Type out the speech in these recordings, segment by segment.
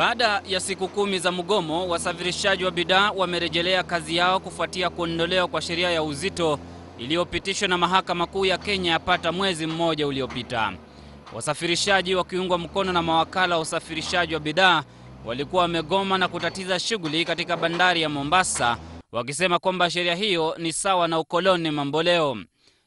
Baada ya siku kumi za mgomo, wasafirishaji wa bidhaa wamerejelea kazi yao kufuatia kuondolewa kwa sheria ya uzito iliyopitishwa na mahakama kuu ya Kenya yapata mwezi mmoja uliopita. Wasafirishaji wakiungwa mkono na mawakala wa usafirishaji wa bidhaa walikuwa wamegoma na kutatiza shughuli katika bandari ya Mombasa, wakisema kwamba sheria hiyo ni sawa na ukoloni mamboleo.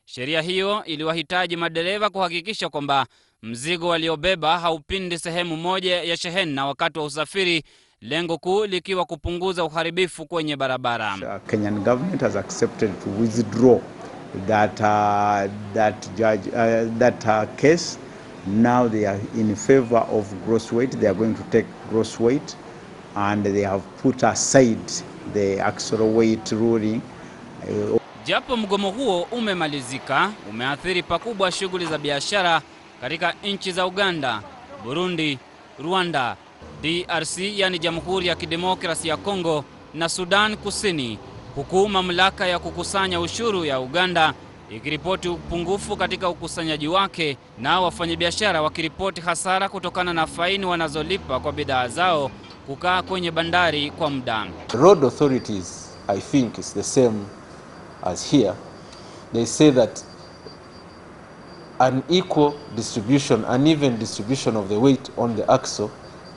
Sheria hiyo iliwahitaji madereva kuhakikisha kwamba mzigo waliobeba haupindi sehemu moja ya shehena wakati wa usafiri, lengo kuu likiwa kupunguza uharibifu kwenye barabara. Kenyan government has accepted to withdraw that, uh, that, judge, uh, that uh, case. Now they are in favor of gross weight. They are going to take gross weight and they have put aside the actual weight ruling. Japo mgomo huo umemalizika, umeathiri pakubwa shughuli za biashara katika nchi za Uganda, Burundi, Rwanda, DRC yani Jamhuri ya Kidemokrasi ya Kongo na Sudan Kusini, huku mamlaka ya kukusanya ushuru ya Uganda ikiripoti upungufu katika ukusanyaji wake na wafanyabiashara wakiripoti hasara kutokana na faini wanazolipa kwa bidhaa zao kukaa kwenye bandari kwa muda. Road authorities I think is the same as here. They say that an equal distribution, an even distribution of the weight on the axle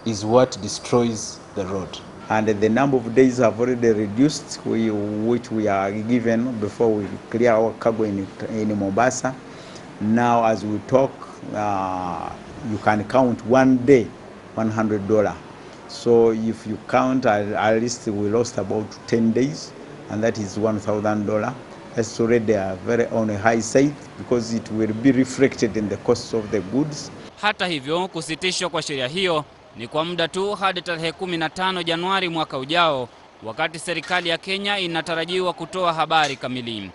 is what destroys the road. And the number of days have already reduced, we, which we are given before we clear our cargo in, in Mombasa. Now, as we talk, uh, you can count one day, $100. So if you count, at, at least we lost about 10 days, and that is $1,000 storage they are very on a high side because it will be reflected in the cost of the goods. Hata hivyo, kusitishwa kwa sheria hiyo ni kwa muda tu hadi tarehe 15 Januari mwaka ujao, wakati serikali ya Kenya inatarajiwa kutoa habari kamili.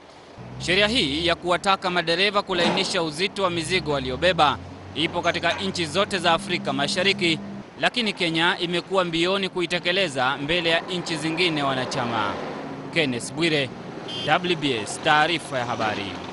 Sheria hii ya kuwataka madereva kulainisha uzito wa mizigo waliobeba ipo katika nchi zote za Afrika Mashariki, lakini Kenya imekuwa mbioni kuitekeleza mbele ya nchi zingine wanachama. Kenneth Bwire WBS taarifa ya habari.